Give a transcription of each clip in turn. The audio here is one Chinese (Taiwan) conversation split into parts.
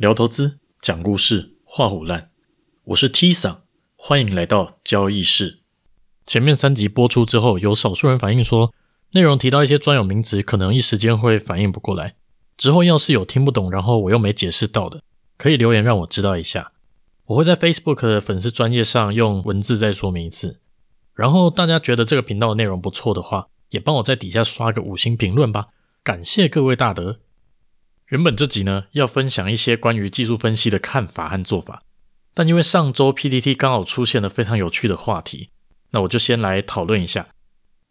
聊投資，講故事，話虎爛，我是 T 桑，歡迎來到交易室。前面三集播出之後，有少數人反映說內容提到一些專有名詞，可能一時間會反應不過來。之後要是有聽不懂，然後我又沒解釋到的，可以留言讓我知道一下，我會在 Facebook 的粉絲專頁上用文字再說明一次。然後大家覺得這個頻道內容不錯的話，也幫我在底下刷個五星評論吧，感謝各位大德。原本這集呢，要分享一些關於技術分析的看法和做法，但因為上週 PTT 剛好出現了非常有趣的話題，那我就先來討論一下。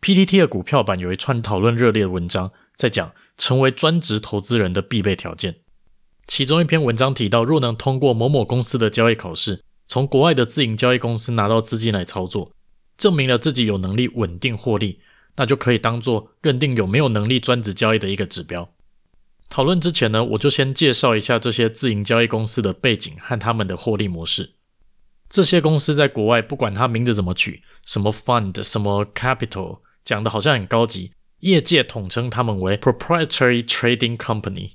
PTT 的股票版有一串討論熱烈的文章，在講成為專職投資人的必備條件。其中一篇文章提到，若能通過某某公司的交易考試，從國外的自營交易公司拿到資金來操作，證明了自己有能力穩定獲利，那就可以當做認定有沒有能力專職交易的一個指標。討論之前呢，我就先介紹一下這些自營交易公司的背景和他們的獲利模式。這些公司在國外，不管它名字怎麼取，什麼 Fund、什麼 Capital，講得好像很高級，業界統稱他們為 Proprietary Trading Company。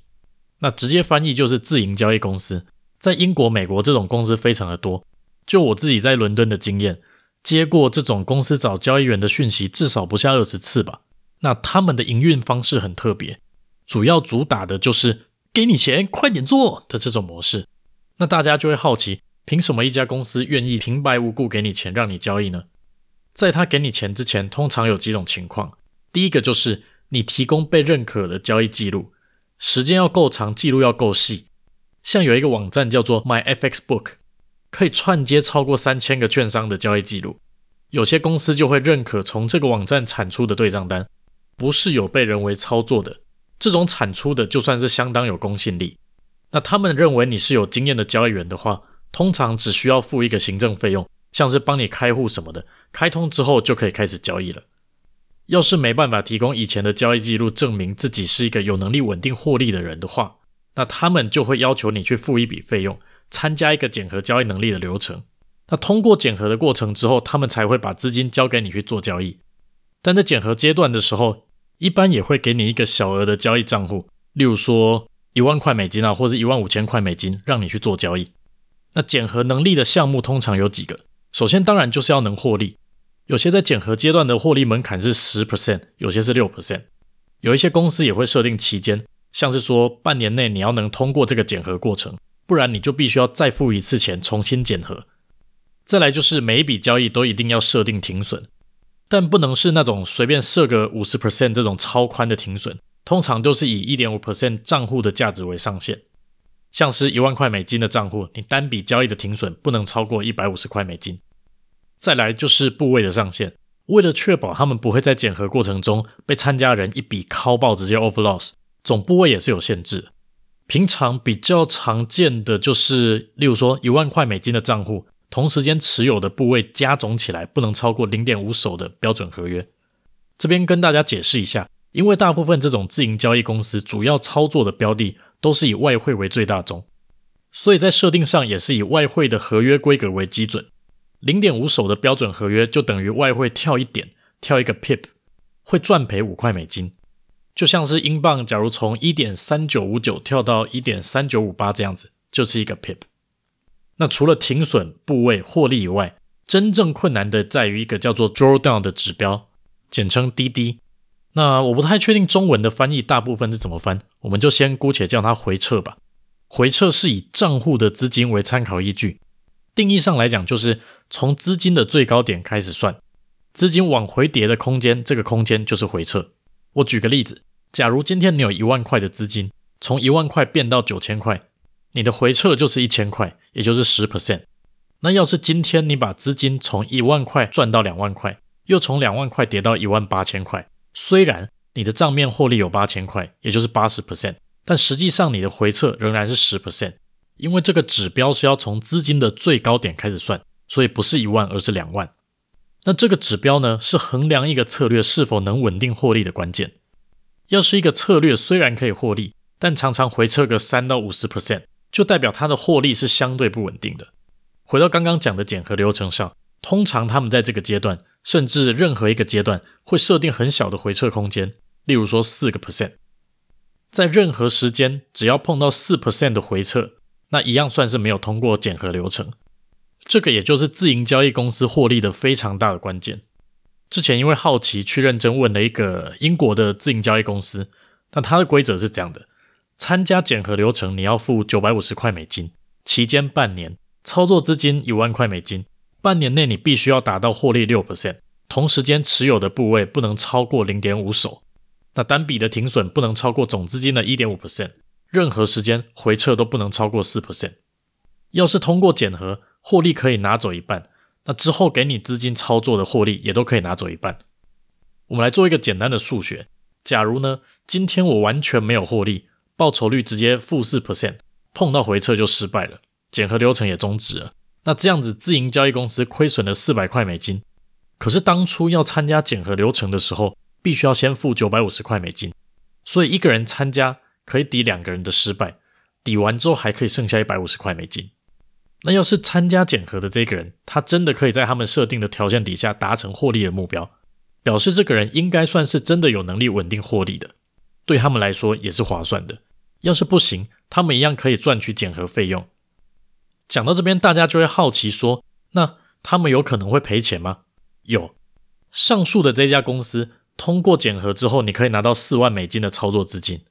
那直接翻譯就是自營交易公司。在英國、美國這種公司非常的多，就我自己在倫敦的經驗，接過這種公司找交易員的訊息至少不下二十次吧。那他們的營運方式很特別。主要主打的就是給你錢快點做的這種模式，那大家就會好奇，憑什麼一家公司願意平白無故給你錢讓你交易呢？在他給你錢之前，通常有幾種情況。第一個就是你提供被認可的交易記錄，時間要夠長，記錄要夠細。像有一個網站叫做 MyFXBook，可以串接超過三千個券商的交易記錄，有些公司就會認可從這個網站產出的對賬單，不是有被人為操作的。這種產出的就算是相當有公信力。那他們認為你是有經驗的交易員的話，通常只需要付一個行政費用，像是幫你開戶什麼的，開通之後就可以開始交易了。要是沒辦法提供以前的交易記錄證明自己是一個有能力穩定獲利的人的話，那他們就會要求你去付一筆費用，參加一個審核交易能力的流程。那通過審核的過程之後，他們才會把資金交給你去做交易。但在審核階段的時候，一般也會給你一個小額的交易賬戶，例如說一萬塊美金啊，或是一萬五千塊美金，讓你去做交易。那檢核能力的項目通常有幾個？首先，當然就是要能獲利。有些在檢核階段的獲利門檻是十 percent，有些是六 percent。有一些公司也會設定期間，像是說半年內你要能通過這個檢核過程，不然你就必須要再付一次錢重新檢核。再來就是每一筆交易都一定要設定停損。但不能是那種隨便設個五十 percent 這種超寬的停損，通常都是以一點五 percent 賬戶的價值為上限，像是一萬塊美金的賬戶，你單筆交易的停損不能超過一百五十塊美金。再來就是部位的上限，為了確保他們不會在檢核過程中被參加人一筆敲爆直接 overloss，總部位也是有限制。平常比較常見的就是，例如說一萬塊美金的賬戶。同時間持有的部位加總起來不能超過零點五手的標準合約。這邊跟大家解釋一下，因為大部分這種自營交易公司主要操作的標的都是以外匯為最大宗，所以在設定上也是以外匯的合約規格為基準。零點五手的標準合約就等於外匯跳一點，跳一個 pip 會賺賠五塊美金。就像是英鎊，假如從一點三九五九跳到一點三九五八這樣子，就是一個 pip。那除了停損部位獲利以外，真正困難的在於一個叫做 drawdown 的指標，簡稱 DD。那我不太確定中文的翻譯，大部分是怎麼翻？我們就先姑且叫它回撤吧。回撤是以賬戶的資金為參考依據，定義上來講就是從資金的最高點開始算，資金往回跌的空間，這個空間就是回撤。我舉個例子，假如今天你有一萬塊的資金，從一萬塊變到九千塊。你的回撤就是一千塊，也就是十 percent。那要是今天你把資金從一萬塊賺到兩萬塊，又從兩萬塊跌到一萬八千塊，雖然你的賬面獲利有八千塊，也就是八十 percent，但實際上你的回撤仍然是十 percent，因為這個指標是要從資金的最高點開始算，所以不是一萬而是兩萬。那這個指標呢，是衡量一個策略是否能穩定獲利的關鍵。要是一個策略雖然可以獲利，但常常回撤個三到五十 percent。就代表它的獲利是相對不穩定的。回到剛剛講的檢核流程上，通常他們在這個階段，甚至任何一個階段，會設定很小的回撤空間，例如說四個 percent。在任何時間，只要碰到四 percent 的回撤，那一樣算是沒有通過檢核流程。這個也就是自營交易公司獲利的非常大的關鍵。之前因為好奇去認真問了一個英國的自營交易公司，那它的規則是這樣的。參加檢核流程，你要付九百五十塊美金，期間半年，操作資金一萬塊美金，半年內你必須要達到獲利六 percent，同時間持有的部位不能超過零點五手，那單筆的停損不能超過總資金的一點五 percent，任何時間回撤都不能超過四 percent。要是通過檢核獲利可以拿走一半，那之後給你資金操作的獲利也都可以拿走一半。我們來做一個簡單的數學，假如呢，今天我完全沒有獲利。報酬率直接負四 percent，碰到回撤就失敗了，檢核流程也終止了。那這樣子自營交易公司虧損了四百塊美金，可是當初要參加檢核流程的時候，必須要先付九百五十塊美金，所以一個人參加可以抵兩個人的失敗，抵完之後還可以剩下一百五十塊美金。那要是參加檢核的這個人，他真的可以在他們設定的條件底下達成獲利的目標，表示這個人應該算是真的有能力穩定獲利的，對他們來說也是划算的。要是不行，他們一樣可以賺取檢核費用。講到這邊，大家就會好奇說：那他們有可能會賠錢嗎？有，上述的這家公司通過檢核之後，你可以拿到四萬美金的操作資金。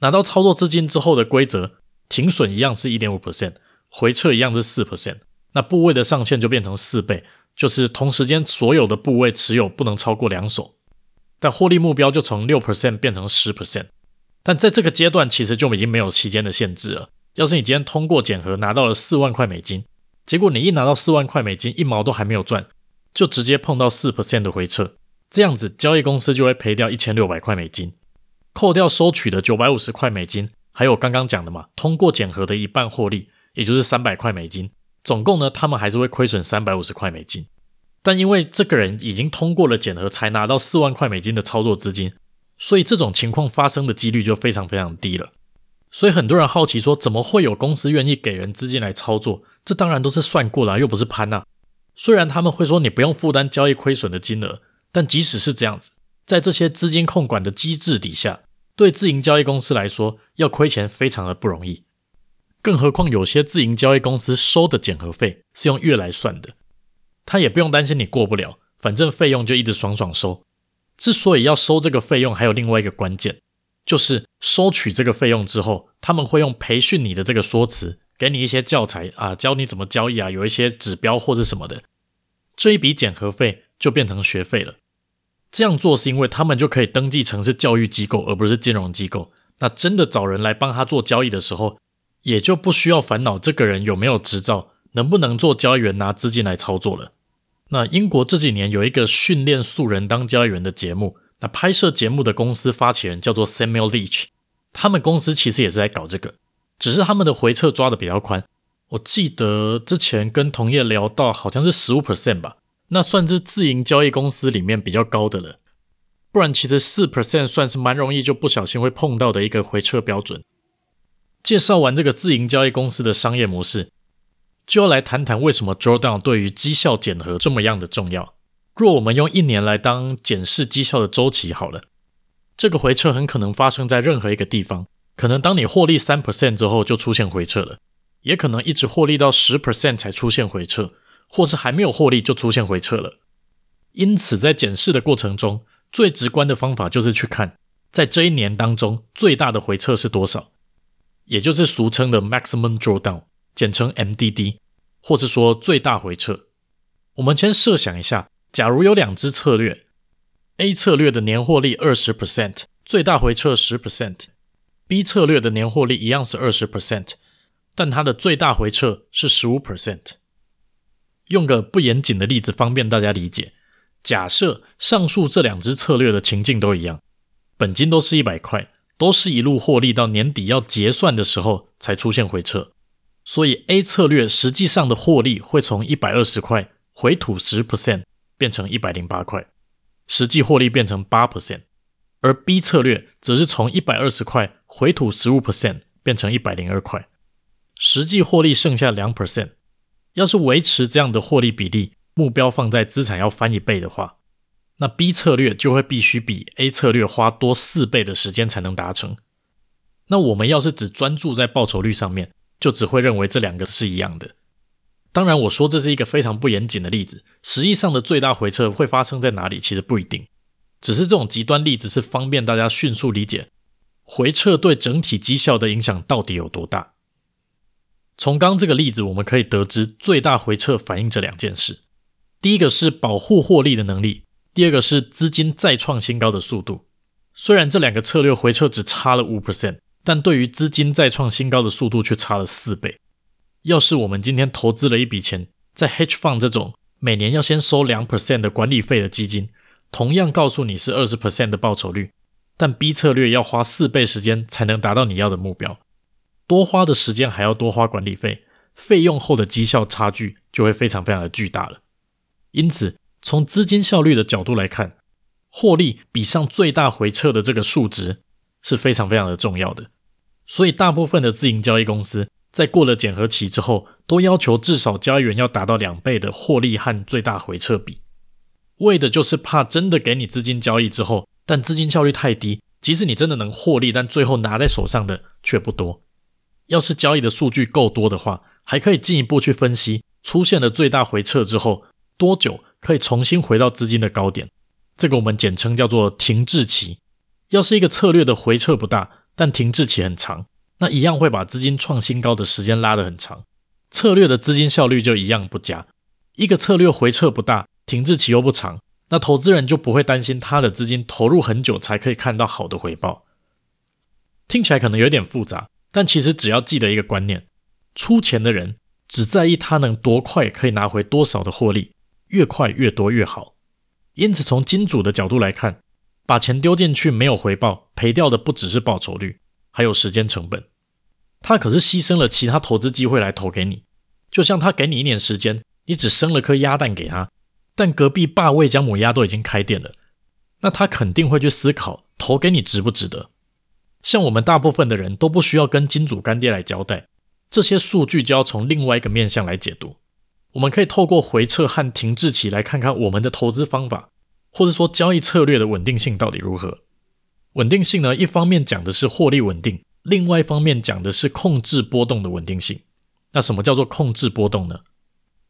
拿到操作資金之後的規則，停損一樣是一點五 percent，回撤一樣是四 percent。那部位的上限就變成四倍，就是同時間所有的部位持有不能超過兩手，但獲利目標就從六 percent 變成十 percent。但在這個階段，其實就已經沒有期間的限制了。要是你今天通過檢核拿到了四萬塊美金，結果你一拿到四萬塊美金，一毛都還沒有賺，就直接碰到四%的回撤，這樣子，交易公司就會賠掉一千六百塊美金，扣掉收取的九百五十塊美金，還有剛剛講的嘛，通過檢核的一半獲利，也就是三百塊美金，總共呢，他們還是會虧損三百五十塊美金。但因為這個人已經通過了檢核，才拿到四萬塊美金的操作資金。所以這種情況發生的幾率就非常非常低了。所以很多人好奇說，怎麼會有公司願意給人資金來操作？這當然都是算過了，又不是盤啊。雖然他們會說你不用負擔交易虧損的金額，但即使是這樣子，在這些資金控管的機制底下，對自營交易公司來說，要虧錢非常的不容易。更何況有些自營交易公司收的檢核費是用月來算的，他也不用擔心你過不了，反正費用就一直爽爽收。之所以要收這個費用，還有另外一個關鍵，就是收取這個費用之後，他們會用培訓你的這個說辭，給你一些教材啊，教你怎麼交易啊，有一些指標或者是什麼的，這一筆審核費就變成學費了。這樣做是因為他們就可以登記成是教育機構，而不是金融機構。那真的找人來幫他做交易的時候，也就不需要煩惱這個人有沒有執照，能不能做交易員拿資金來操作了。那英國這幾年有一個訓練素人當交易員的節目，那拍攝節目的公司發起人叫做 Samuel Leach, 他們公司其實也是在搞這個，只是他們的回撤抓得比較寬。我記得之前跟同業聊到，好像是十五 percent 吧，那算是自營交易公司裡面比較高的了，不然其實四 percent 算是蠻容易就不小心會碰到的一個回撤標準。介紹完這個自營交易公司的商業模式，就要來談談為什麼 drawdown 對於績效檢核這麼樣的重要。若我們用一年來當檢視績效的周期好了，這個回撤很可能發生在任何一個地方。可能當你獲利三 percent 之後就出現回撤了，也可能一直獲利到十 percent 才出現回撤，或是還沒有獲利就出現回撤了。因此，在檢視的過程中，最直觀的方法就是去看在這一年當中最大的回撤是多少，也就是俗稱的 maximum drawdown。簡稱 MDD，或是說最大回撤。我們先設想一下，假如有兩只策略，A 策略的年獲利二十 percent，最大回撤十 percent；B 策略的年獲利一樣是二十 percent，但它的最大回撤是十五 percent。用個不嚴謹的例子方便大家理解，假設上述這兩只策略的情境都一樣，本金都是一百塊，都是一路獲利到年底要結算的時候才出現回撤。所以 A 策略實際上的獲利會從一百二十塊回吐十 percent 變成一百零八塊，實際獲利變成八 percent，而 B 策略則是從一百二十塊回吐十五 percent 變成一百零二塊，實際獲利剩下兩 percent。要是維持這樣的獲利比例，目標放在資產要翻一倍的話，那 B 策略就會必須比 A 策略花多四倍的時間才能達成。那我們要是只專注在報酬率上面。就只會認為這兩個是一樣的。當然，我說這是一個非常不嚴謹的例子。實際上的最大回撤會發生在哪裡，其實不一定。只是這種極端例子是方便大家迅速理解回撤對整體績效的影響到底有多大。從剛剛這個例子，我們可以得知，最大回撤反映着兩件事：第一個是保護獲利的能力，第二個是資金再創新高的速度。雖然這兩個策略回撤只差了五 percent。但對於資金再創新高的速度卻差了四倍。要是我們今天投資了一筆錢，在 Hedge Fund 這種每年要先收兩 percent 的管理費的基金，同樣告訴你是二十 percent 的報酬率，但 B 策略要花四倍時間才能達到你要的目標，多花的時間還要多花管理費，費用後的績效差距就會非常非常的巨大了。因此，從資金效率的角度來看，獲利比上最大回撤的這個數值是非常非常的重要的。所以，大部分的自營交易公司在過了檢核期之後，都要求至少交易員要達到兩倍的獲利和最大回撤比，為的就是怕真的給你資金交易之後，但資金效率太低，即使你真的能獲利，但最後拿在手上的卻不多。要是交易的數據夠多的話，還可以進一步去分析出現了最大回撤之後多久可以重新回到資金的高點，這個我們簡稱叫做停滯期。要是一個策略的回撤不大，但停滯期很長，那一樣會把資金創新高的時間拉得很長，策略的資金效率就一樣不佳。一個策略回撤不大，停滯期又不長，那投資人就不會擔心他的資金投入很久才可以看到好的回報。聽起來可能有點複雜，但其實只要記得一個觀念，出錢的人只在意他能多快可以拿回多少的獲利，越快越多越好。因此，從金主的角度來看。把錢丟進去沒有回報，賠掉的不只是報酬率，還有時間成本。他可是犧牲了其他投資機會來投給你，就像他給你一年時間，你只生了顆鴨蛋給他，但隔壁霸位薑母鴨都已經開店了，那他肯定會去思考投給你值不值得。像我們大部分的人都不需要跟金主乾爹來交代，這些數據就要從另外一個面向來解讀。我們可以透過回撤和停滯期來看看我們的投資方法，或者說交易策略的穩定性到底如何？穩定性呢？一方面講的是獲利穩定，另外一方面講的是控制波動的穩定性。那什麼叫做控制波動呢？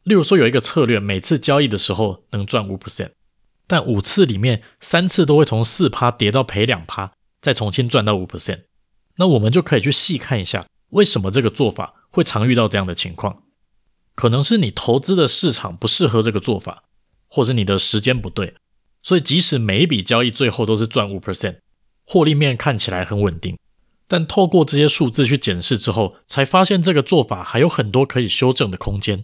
例如說有一個策略，每次交易的時候能賺五 percent，但五次裡面三次都會從四趴跌到賠兩趴，再重新賺到五 percent。那我們就可以去細看一下，為什麼這個做法會常遇到這樣的情況。可能是你投資的市場不適合這個做法，或是你的時間不對。所以，即使每一筆交易最後都是賺五 percent，獲利面看起來很穩定，但透過這些數字去檢視之後，才發現這個做法還有很多可以修正的空間。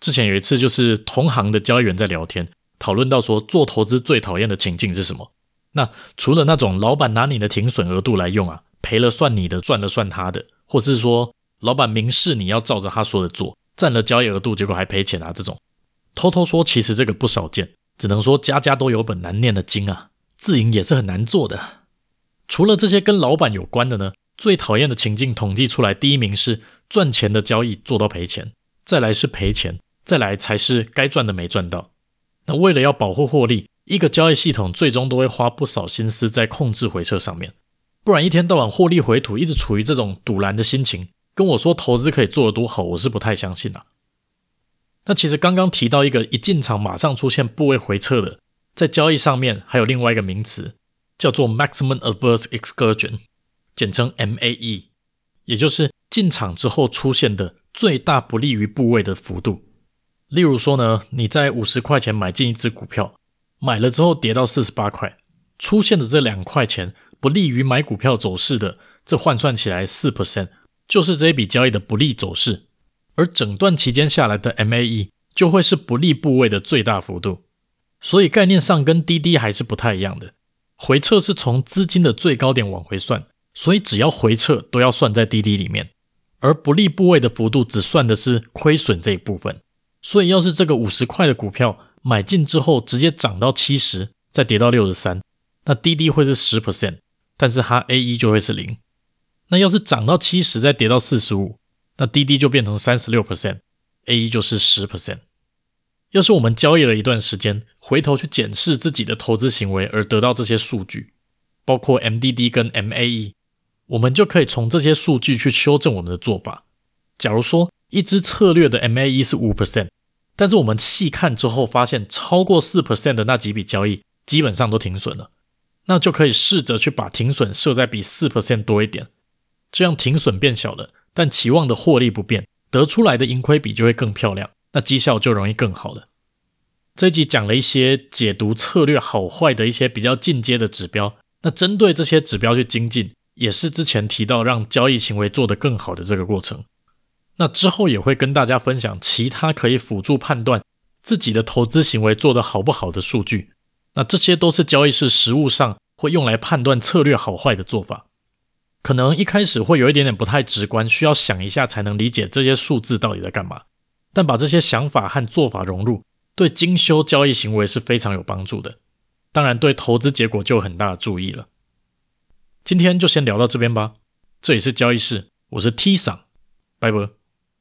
之前有一次，就是同行的交易員在聊天，討論到說做投資最討厭的情境是什麼？那除了那種老闆拿你的停損額度來用啊，賠了算你的，賺了算他的，或是說老闆明示你要照着他說的做，佔了交易額度，結果還賠錢啊，這種偷偷說，其實這個不少見。只能說家家都有本難念的經啊，自營也是很難做的。除了這些跟老板有關的呢，最討厭的情境統計出來，第一名是賺錢的交易做到賠錢，再來是賠錢，再來才是該賺的沒賺到。那為了要保護獲利，一個交易系統最終都會花不少心思在控制回撤上面，不然一天到晚獲利回吐，一直處於這種賭爛的心情，跟我說投資可以做得多好，我是不太相信啊。那其實剛剛提到一個一進場馬上出現部位回撤的，在交易上面還有另外一個名詞叫做 Maximum Adverse Excursion，簡稱 MAE，也就是進場之後出現的最大不利於部位的幅度。例如說呢，你在五十塊錢買進一隻股票，買了之後跌到四十八塊，出現的這兩塊錢不利於買股票走勢的，這換算起來四 percent 就是這一筆交易的不利走勢。而整段期間下來的 MAE 就會是不利部位的最大幅度，所以概念上跟 DD 還是不太一樣的。回撤是從資金的最高點往回算，所以只要回撤都要算在 DD 裡面，而不利部位的幅度只算的是虧損這一部分。所以要是這個五十塊的股票買進之後直接漲到七十，再跌到六十三，那 DD 會是十 percent，但是它 A E 就會是零。那要是漲到七十再跌到四十五。那 DD 就變成三十六 percent，AE 就是十 percent。要是我們交易了一段時間，回頭去檢視自己的投資行為而得到這些數據，包括 MDD 跟 MAE，我們就可以從這些數據去修正我們的做法。假如說一支策略的 MAE 是五 percent，但是我們細看之後發現超過四 percent 的那幾筆交易基本上都停損了，那就可以試着去把停損設在比四 percent 多一點，這樣停損變小了。但期望的獲利不變，得出來的盈虧比就會更漂亮，那績效就容易更好了。這一集講了一些解讀策略好壞的一些比較進階的指標，那針對這些指標去精進，也是之前提到讓交易行為做得更好的這個過程。那之後也會跟大家分享其他可以輔助判斷自己的投資行為做得好不好的數據。那這些都是交易事實務上會用來判斷策略好壞的做法。可能一開始會有一點點不太直觀，需要想一下才能理解這些數字到底在幹嘛。但把這些想法和做法融入，對精修交易行為是非常有幫助的，當然對投資結果就有很大的助益了。今天就先聊到這邊吧，這裡是交易事，我是 T 桑，拜拜。